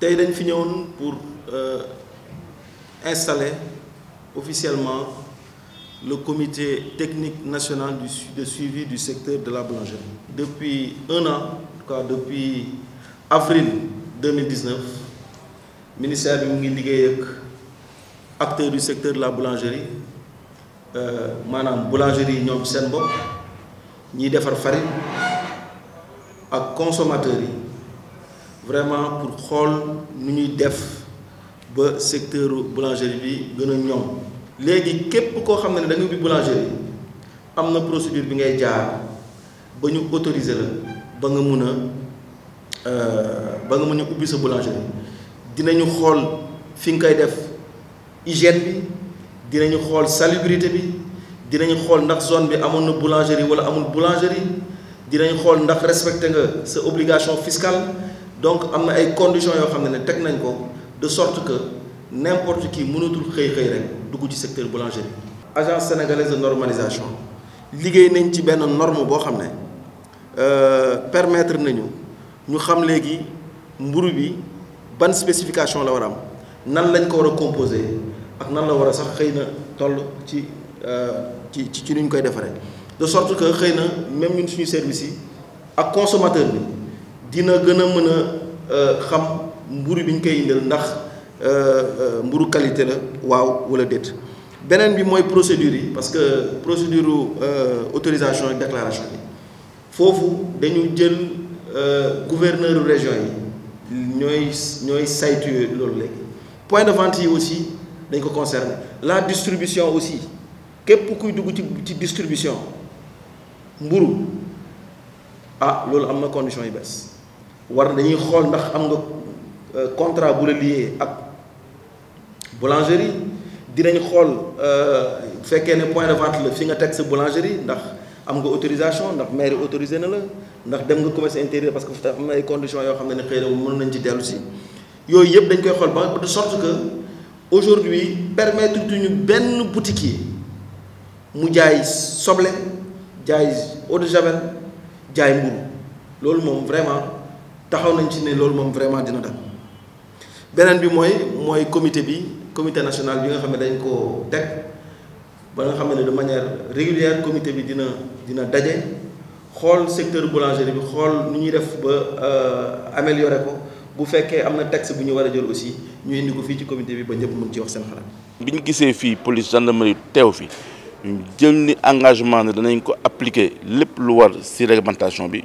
tey dañ fi pour euh, installer officiellement le comité technique national de suivi du secteur de la boulangerie. Depuis un an, depuis avril 2019, le ministère de mu acteur du secteur de la boulangerie euh, madame boulangerie Nyom Senbo, seen De farine consommateurs vraiment pour xol nu ñuy def ba secteur boulangerie bi gën a ñoom léegi képp koo xam ne da nga boulangerie am na procédure bi ngay jaar ba ñu autoriser la ba nga mun a euh, ba nga mun a ubbi sa boulangerie dinañu xool fi nga koy def hygiène bi dinañu xool salubrité bi dinañu xool ndax zone bi amoon na boulangerie wala amul boulangerie dinañu xool ndax respecté nga sa obligation fiscale donc am ay conditions yoo xam ne ko de sorte que n'importe qui mënatul xëy xëy rek dugg ci secteur boulangerie. agence sénégalaise de normalisation liggéey nañ ci benn norme boo xam ne euh, permettre nañu ñu xam léegi mburu bi ban spécification la war a am nan lañ ko war a composé ak nan la war a sax xëy na toll ci euh, ci ci ci ñu koy defaree de sorte que xëy na même ñun suñu service yi ak consommateur bi dina gëna mëna euh xam mburu biñ koy indal ndax euh, euh mburu qualité la waw wala déet benen bi moy procédure yi parce que procédure euh autorisation et déclaration bi foofu dañu jël euh gouverneur région yi ñoy ñoy saytu loolu léegi point de vente yi aussi dañ ko concerné la distribution aussi képp kuy dugg ci ci distribution mburu ah loolu am na condition yi bess war dañuy xool ndax am nga euh, contrat bu la lié ak boulangerie dinañ xool euh, bu fekkee ne point de vente la fi nga teg sa boulangerie ndax am nga autorisation ndax mairie autorisé na la ndax dem nga commerce intérieur parce que am na ay conditions yoo xam ne ne xëy na mën nañ ci dellu si yooyu yëpp dañ koy xool ba de sorte que aujourd'hui permettre tuñu benn boutiquier mu jaay soble jaay eau de javel jaay mburu loolu moom vraiment taxaw nañ ci ne loolu vraiment dina dal beneen bi comité comité national bi nga de manière régulière comité bi secteur boulangerie bi xool nu ñuy def ba euh, améliorer ko bu bu aussi ñu comité bi ba ñëpp ci wax seen xalaat. police gendarmerie engagement appliquer lépp lu war réglementation bi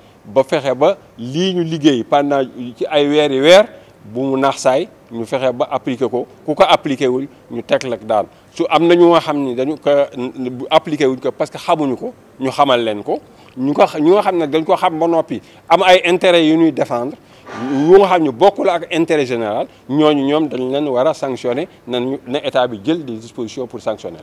ba fexe ba lii ñu liggéey pendant ci ay weeri weer bu mu naax ñu fexe ba appliqué ko ku ko appliqué wul ñu teg la daan su am na ñoo xam ni ko appliqué wuñ ko parce que xamuñu ko ñu xamal leen ko ñu ko ñu nga xam dañ ko xam ba noppi am ay intérêt yu ñuy défendre yu nga xam ne bokkul ak intérêt général ñooñu ñoom dañ leen war a sanctionné na na état bi jël des dispositions pour sanctionner